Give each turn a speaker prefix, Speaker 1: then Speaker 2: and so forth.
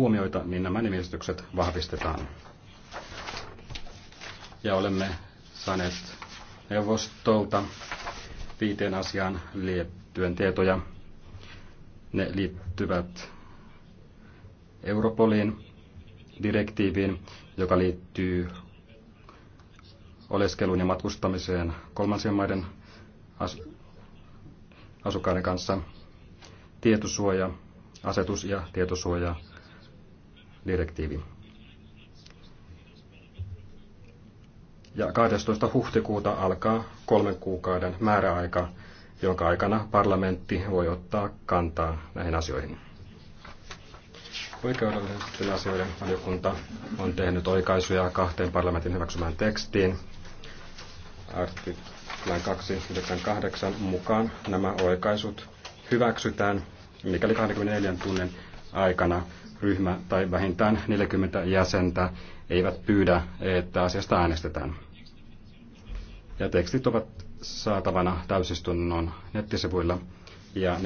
Speaker 1: huomioita, niin nämä nimistykset vahvistetaan. Ja olemme saaneet neuvostolta viiteen asiaan liittyen tietoja. Ne liittyvät Europoliin, direktiiviin, joka liittyy oleskeluun ja matkustamiseen kolmansien maiden asukkaiden kanssa, tietosuoja, asetus ja tietosuoja direktiivi. Ja 12. huhtikuuta alkaa kolmen kuukauden määräaika, jonka aikana parlamentti voi ottaa kantaa näihin asioihin. Oikeudellisten asioiden valiokunta on tehnyt oikaisuja kahteen parlamentin hyväksymään tekstiin. Artiklan 298 mukaan nämä oikaisut hyväksytään, mikäli 24 tunnin aikana ryhmä tai vähintään 40 jäsentä eivät pyydä, että asiasta äänestetään.
Speaker 2: Ja tekstit ovat saatavana täysistunnon nettisivuilla ja